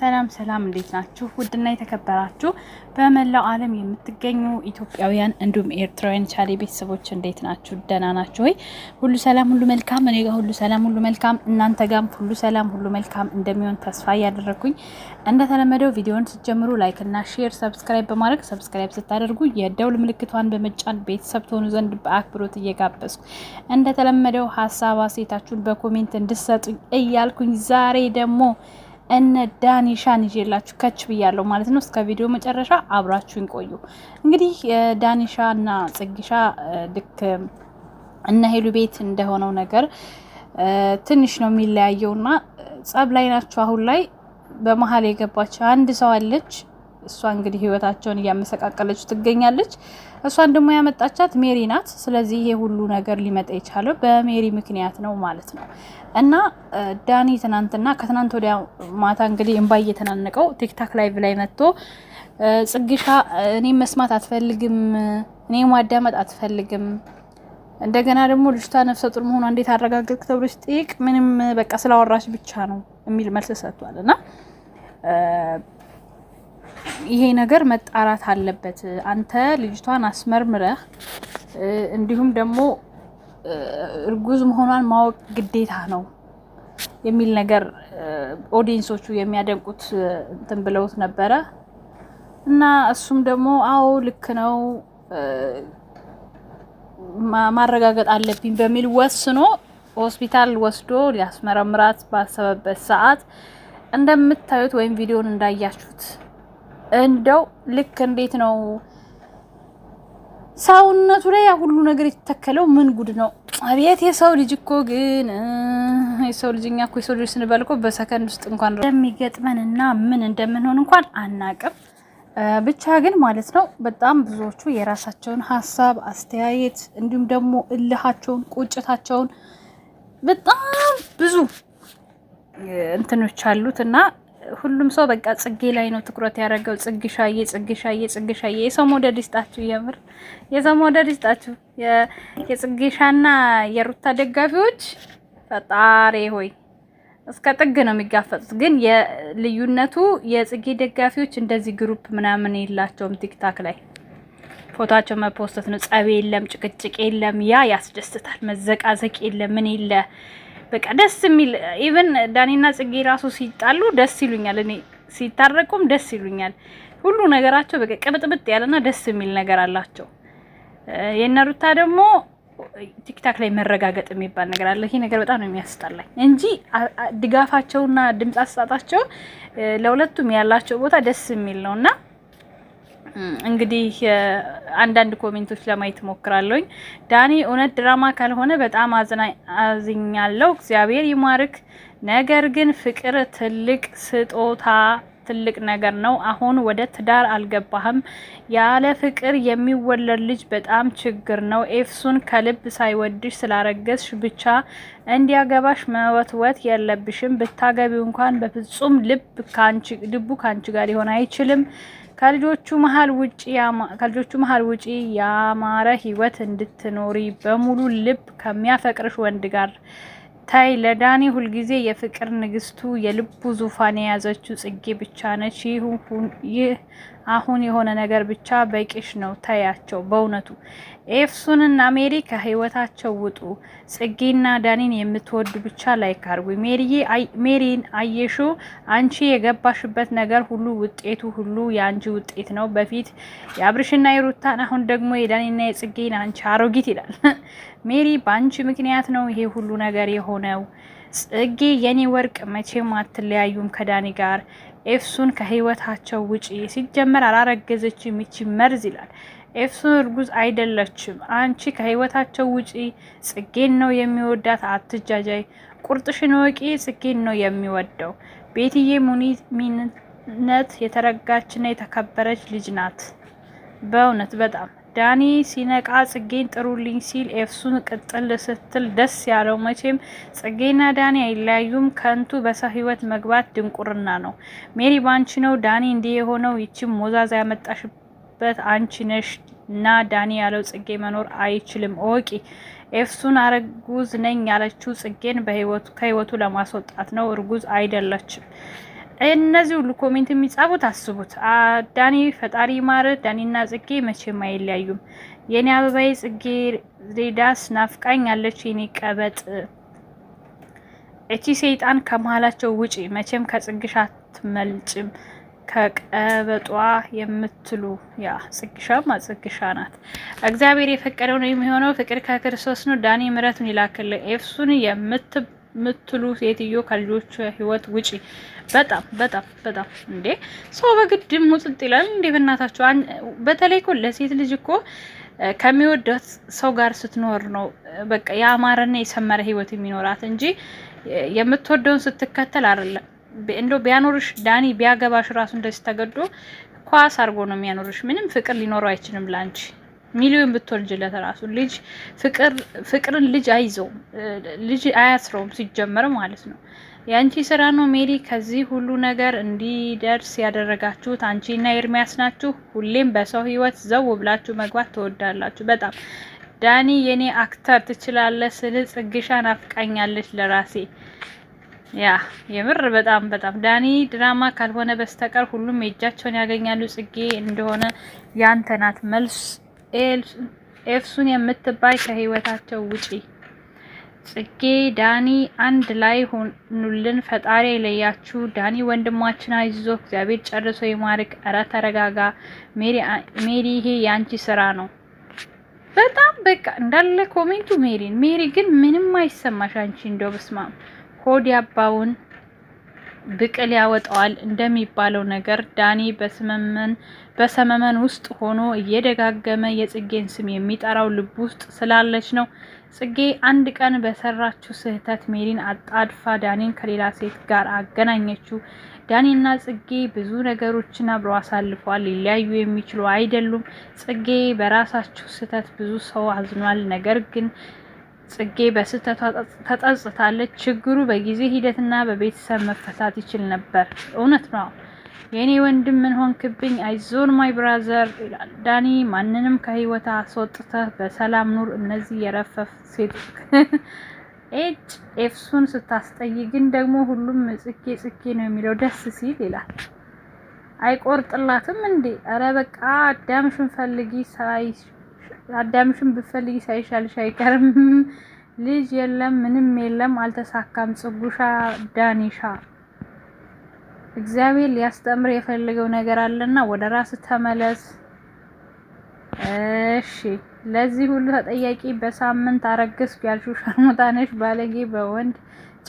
ሰላም ሰላም፣ እንዴት ናችሁ? ውድና የተከበራችሁ በመላው ዓለም የምትገኙ ኢትዮጵያውያን እንዲሁም ኤርትራውያን ቻሌ ቤተሰቦች እንዴት ናችሁ? ደህና ናችሁ ወይ? ሁሉ ሰላም፣ ሁሉ መልካም። እኔ ጋር ሁሉ ሰላም፣ ሁሉ መልካም። እናንተ ጋም ሁሉ ሰላም፣ ሁሉ መልካም እንደሚሆን ተስፋ እያደረግኩኝ እንደተለመደው ቪዲዮን ስትጀምሩ ላይክና ሼር፣ ሰብስክራይብ በማድረግ ሰብስክራይብ ስታደርጉ የደውል ምልክቷን በመጫን ቤተሰብ ትሆኑ ዘንድ በአክብሮት እየጋበዝኩ እንደተለመደው ሀሳብ አሴታችሁን በኮሜንት እንድሰጡኝ እያልኩኝ ዛሬ ደግሞ እነ ዳኒሻን ይዤላችሁ ከች ብያለሁ ማለት ነው። እስከ ቪዲዮ መጨረሻ አብራችሁን ቆዩ። እንግዲህ ዳኒሻ እና ጽጊሻ ልክ እነ ሄሉ ቤት እንደሆነው ነገር ትንሽ ነው የሚለያየውና ጸብ ላይ ናቸው አሁን ላይ በመሀል የገባች አንድ ሰው አለች እሷ እንግዲህ ህይወታቸውን እያመሰቃቀለች ትገኛለች። እሷን ደግሞ ያመጣቻት ሜሪ ናት። ስለዚህ ይሄ ሁሉ ነገር ሊመጣ የቻለው በሜሪ ምክንያት ነው ማለት ነው። እና ዳኒ ትናንትና ከትናንት ወዲያ ማታ እንግዲህ እንባ እየተናነቀው ቲክታክ ላይቭ ላይ መጥቶ ጽግሻ እኔ መስማት አትፈልግም፣ እኔ ማዳመጥ አትፈልግም እንደገና ደግሞ ልጅቷ ነፍሰ ጡር መሆኗ እንዴት አረጋገጥክ ተብሎ ሲጠይቅ ምንም በቃ ስላወራች ብቻ ነው የሚል መልስ ሰጥቷል እና ይሄ ነገር መጣራት አለበት። አንተ ልጅቷን አስመርምረህ እንዲሁም ደግሞ እርጉዝ መሆኗን ማወቅ ግዴታ ነው የሚል ነገር ኦዲየንሶቹ የሚያደንቁት እንትን ብለውት ነበረ እና እሱም ደግሞ አዎ ልክ ነው ማረጋገጥ አለብኝ በሚል ወስኖ ሆስፒታል ወስዶ ሊያስመረምራት ባሰበበት ሰዓት እንደምታዩት ወይም ቪዲዮን እንዳያችሁት እንደው ልክ እንዴት ነው ሰውነቱ ላይ ያ ሁሉ ነገር የተተከለው ምን ጉድ ነው? አቤት የሰው ልጅ እኮ ግን የሰው ልጅ እኛ እኮ የሰው ልጅ ስንበል እኮ በሰከንድ ውስጥ እንኳን እንደሚገጥመን እና ምን እንደምንሆን እንኳን አናቅም። ብቻ ግን ማለት ነው በጣም ብዙዎቹ የራሳቸውን ሀሳብ አስተያየት፣ እንዲሁም ደግሞ እልሃቸውን፣ ቁጭታቸውን በጣም ብዙ እንትኖች አሉት እና ሁሉም ሰው በቃ ጽጌ ላይ ነው ትኩረት ያደረገው። ጽግሻዬ ጽግሻዬ ጽግሻዬ የሰው መውደድ ይስጣችሁ፣ የምር የሰው መውደድ ይስጣችሁ። የጽጌሻና የሩታ ደጋፊዎች ፈጣሪ ሆይ እስከ ጥግ ነው የሚጋፈጡት። ግን የልዩነቱ የጽጌ ደጋፊዎች እንደዚህ ግሩፕ ምናምን የላቸውም። ቲክታክ ላይ ፎቶቸው መፖስተት ነው። ጸብ የለም፣ ጭቅጭቅ የለም። ያ ያስደስታል። መዘቃዘቅ የለም፣ ምን የለ በቃ ደስ የሚል ኢቨን ዳኒና ጽጌ ራሱ ሲጣሉ ደስ ይሉኛል። እኔ ሲታረቁም ደስ ይሉኛል። ሁሉ ነገራቸው በቃ ቅብጥብጥ ያለና ደስ የሚል ነገር አላቸው። የነሩታ ደግሞ ቲክታክ ላይ መረጋገጥ የሚባል ነገር አለ። ይሄ ነገር በጣም ነው የሚያስጠላኝ እንጂ ድጋፋቸውና ድምፅ አሰጣጣቸው ለሁለቱም ያላቸው ቦታ ደስ የሚል ነውና እንግዲህ አንዳንድ ኮሜንቶች ለማየት ሞክራለሁኝ። ዳኒ እውነት ድራማ ካልሆነ በጣም አዝኛለሁ። እግዚአብሔር ይማርክ። ነገር ግን ፍቅር ትልቅ ስጦታ ትልቅ ነገር ነው። አሁን ወደ ትዳር አልገባህም። ያለ ፍቅር የሚወለድ ልጅ በጣም ችግር ነው። ኤፍሱን ከልብ ሳይወድሽ ስላረገዝሽ ብቻ እንዲያገባሽ መወትወት የለብሽም። ብታገቢው እንኳን በፍጹም ልብ ልቡ ከአንቺ ጋር ሊሆን አይችልም። ከልጆቹ መሀል ውጪ ያማረ ህይወት እንድትኖሪ በሙሉ ልብ ከሚያፈቅርሽ ወንድ ጋር ታይ ለዳኒ ሁልጊዜ የፍቅር ንግስቱ የልቡ ዙፋን የያዘችው ጽጌ ብቻ ነች። ይህ አሁን የሆነ ነገር ብቻ በቂሽ ነው። ታያቸው በእውነቱ ኤፍሱንና ሜሪ ከህይወታቸው ውጡ። ጽጌና ዳኒን የምትወዱ ብቻ ላይ ካርጉ። ሜሪን አየሹ? አንቺ የገባሽበት ነገር ሁሉ ውጤቱ ሁሉ የአንቺ ውጤት ነው። በፊት የአብርሽና የሩታን፣ አሁን ደግሞ የዳኒና የጽጌን አንቺ አሮጊት ይላል ሜሪ በአንቺ ምክንያት ነው ይሄ ሁሉ ነገር የሆነው። ጽጌ የኔ ወርቅ መቼም አትለያዩም ከዳኒ ጋር። ኤፍሱን ከህይወታቸው ውጪ። ሲጀመር አላረገዘችም ይቺ መርዝ ይላል። ኤፍሱን እርጉዝ አይደለችም። አንቺ ከህይወታቸው ውጪ። ጽጌን ነው የሚወዳት። አትጃጃይ፣ ቁርጥሽን ወቂ። ጽጌን ነው የሚወደው። ቤትዬ ሙኒሚነት የተረጋችና የተከበረች ልጅ ናት። በእውነት በጣም ዳኒ ሲነቃ ጽጌን ጥሩልኝ ሲል ኤፍሱን ቅጥል ስትል ደስ ያለው መቼም ጽጌና ዳኒ አይለያዩም። ከንቱ በሰው ህይወት መግባት ድንቁርና ነው። ሜሪ ባንቺ ነው ዳኒ እንዲህ የሆነው ይችም ሞዛዛ ያመጣሽበት አንቺ ነሽ እና ዳኒ ያለው ጽጌ መኖር አይችልም ኦቂ ኤፍሱን አረጉዝ ነኝ ያለችው ጽጌን ከህይወቱ ለማስወጣት ነው። እርጉዝ አይደለችም። እነዚህ ሁሉ ኮሜንት የሚጻፉት አስቡት። ዳኒ ፈጣሪ ማር ዳኒና ጽጌ መቼም አይለያዩም። የኔ አበባዬ ጽጌ ሬዳስ ናፍቃኝ አለች። የኔ ቀበጥ እቺ ሰይጣን ከመሀላቸው ውጪ መቼም ከጽግሻ አትመልጭም። ከቀበጧ የምትሉ ያ ጽግሻማ ጽግሻ ናት። እግዚአብሔር የፈቀደው ነው የሚሆነው። ፍቅር ከክርስቶስ ነው። ዳኒ ምረቱን ይላክል። ኤፍሱን የምትብ ምትሉ ሴትዮ ከልጆቹ ህይወት ውጪ። በጣም በጣም በጣም እንዴ! ሰው በግድ ሙጥጥ ይላል እንዴ! በእናታችሁ በተለይ እኮ ለሴት ልጅ እኮ ከሚወዳት ሰው ጋር ስትኖር ነው በቃ የአማረና የሰመረ ህይወት የሚኖራት እንጂ የምትወደውን ስትከተል አይደለም። እንደው ቢያኖርሽ ዳኒ ቢያገባሽ ራሱ እንደዚህ ተገዶ ኳስ አድርጎ ነው የሚያኖርሽ። ምንም ፍቅር ሊኖረው አይችልም ላንቺ። ሚሊዮን ብትወልጅለት ራሱ ልጅ ፍቅርን ልጅ አይዘውም፣ ልጅ አያስረውም ሲጀመር ማለት ነው። የአንቺ ስራ ነው ሜሪ። ከዚህ ሁሉ ነገር እንዲደርስ ያደረጋችሁት አንቺና ኤርሚያስ ናችሁ። ሁሌም በሰው ህይወት ዘው ብላችሁ መግባት ትወዳላችሁ በጣም ዳኒ የኔ አክተር ትችላለህ ስል ጽግሻ ናፍቃኛለች ለራሴ ያ የምር በጣም በጣም ዳኒ ድራማ ካልሆነ በስተቀር ሁሉም የእጃቸውን ያገኛሉ ጽጌ እንደሆነ ያንተ ናት መልስ ኤፍሱን የምትባይ ከህይወታቸው ውጪ። ጽጌ ዳኒ አንድ ላይ ሆኑልን፣ ፈጣሪ አይለያችሁ። ዳኒ ወንድማችን አይዞ፣ እግዚአብሔር ጨርሶ ይማርክ። እረ ተረጋጋ ሜሪ፣ ይሄ የአንቺ ስራ ነው። በጣም በቃ እንዳለ ኮሜንቱ ሜሪን። ሜሪ ግን ምንም አይሰማሽ አንቺ። እንደው በስማም ሆድ ያባውን ብቅል ያወጣዋል እንደሚባለው ነገር ዳኒ በሰመመን ውስጥ ሆኖ እየደጋገመ የጽጌን ስም የሚጠራው ልብ ውስጥ ስላለች ነው። ጽጌ አንድ ቀን በሰራችው ስህተት ሜሪን አጣድፋ ዳኒን ከሌላ ሴት ጋር አገናኘችው። ዳኒና ጽጌ ብዙ ነገሮችን አብረው አሳልፏል። ሊለያዩ የሚችሉ አይደሉም። ጽጌ በራሳችሁ ስህተት ብዙ ሰው አዝኗል። ነገር ግን ጽጌ በስህተቷ ተጸጽታለች። ችግሩ በጊዜ ሂደትና በቤተሰብ መፈታት ይችል ነበር። እውነት ነው። የእኔ ወንድም ምን ሆንክብኝ? አይዞን ማይ ብራዘር ይላል ዳኒ። ማንንም ከህይወት አስወጥተህ በሰላም ኑር። እነዚህ የረፈፍ ሴት ኤጭ ኤፍሱን ስታስጠይ ግን ደግሞ ሁሉም ጽጌ ጽጌ ነው የሚለው ደስ ሲል ይላል። አይቆርጥላትም እንዴ? አረ በቃ አዳምሽን ፈልጊ ሳይ አዳምሽን ብፈልጊ ሳይሻልሽ አይቀርም። ልጅ የለም ምንም የለም አልተሳካም። ጽጉሻ ዳኒሻ እግዚአብሔር ሊያስተምር የፈለገው ነገር አለና ወደ ራስ ተመለስ። እሺ ለዚህ ሁሉ ተጠያቂ በሳምንት አረገዝኩ ያልሽው ሻርሙጣ ነሽ፣ ባለጌ በወንድ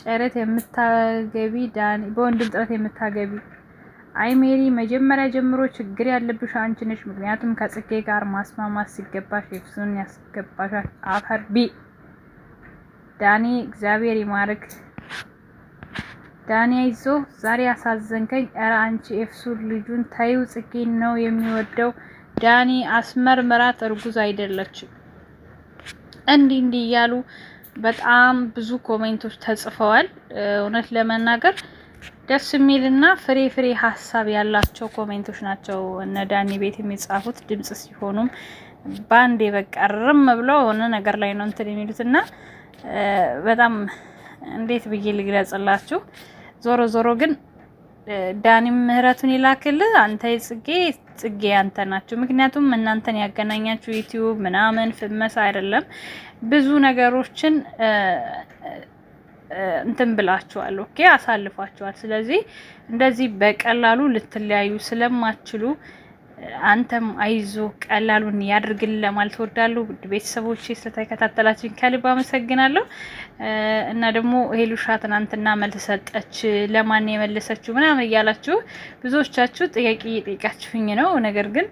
ጨረት የምታገቢ ዳኒ በወንድም ጥረት የምታገቢ አይ ሜሪ መጀመሪያ ጀምሮ ችግር ያለብሽ አንቺ ነሽ። ምክንያቱም ከጽጌ ጋር ማስማማት ሲገባሽ ኤፍሱን ያስገባሻል። አፈር ቢ ዳኒ እግዚአብሔር ይማርክ ዳኒ አይዞ ዛሬ አሳዘንከኝ። ኧረ አንቺ ኤፍሱን ልጁን ታዩ ጽጌን ነው የሚወደው። አስመር አስመርምራት እርጉዝ አይደለችም። እንዲህ እንዲህ እያሉ በጣም ብዙ ኮሜንቶች ተጽፈዋል። እውነት ለመናገር ደስ የሚል እና ፍሬ ፍሬ ሀሳብ ያላቸው ኮሜንቶች ናቸው እነ ዳኒ ቤት የሚጻፉት ድምጽ ሲሆኑም በአንዴ በቃ ርም ብለው የሆነ ነገር ላይ ነው እንትን የሚሉት እና በጣም እንዴት ብዬ ልግለጽላችሁ። ዞሮ ዞሮ ግን ዳኒም ምህረቱን ይላክል። አንተ ጽጌ ጽጌ አንተ ናችሁ። ምክንያቱም እናንተን ያገናኛችሁ ዩቲዩብ ምናምን ፍመሳ አይደለም ብዙ ነገሮችን እንትን ብላችኋል። ኦኬ አሳልፏችኋል። ስለዚህ እንደዚህ በቀላሉ ልትለያዩ ስለማትችሉ አንተም አይዞ ቀላሉን ያድርግልን ለማለት ወዳሉ ውድ ቤተሰቦች ስለተከታተላችን ከልብ አመሰግናለሁ። እና ደግሞ ሄሉሻ ትናንትና መልስ ሰጠች፣ ለማን የመለሰችው ምናምን እያላችሁ ብዙዎቻችሁ ጥያቄ እየጠየቃችሁኝ ነው። ነገር ግን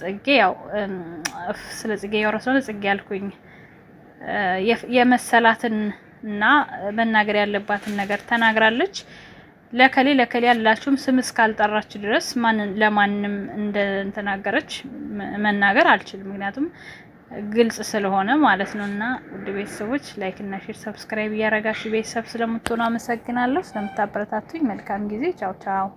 ጽጌ ያው ስለ ጽጌ ያወራ ጽጌ ያልኩኝ የመሰላትን እና መናገር ያለባትን ነገር ተናግራለች። ለከሌ ለከሌ ያላችሁም ስም እስካልጠራች ድረስ ለማንም እንደተናገረች መናገር አልችልም። ምክንያቱም ግልጽ ስለሆነ ማለት ነው። እና ውድ ቤተሰቦች ላይክ እና ሼር፣ ሰብስክራይብ እያደረጋችሁ ቤተሰብ ስለምትሆኑ አመሰግናለሁ። ስለምታበረታቱኝ መልካም ጊዜ። ቻው ቻው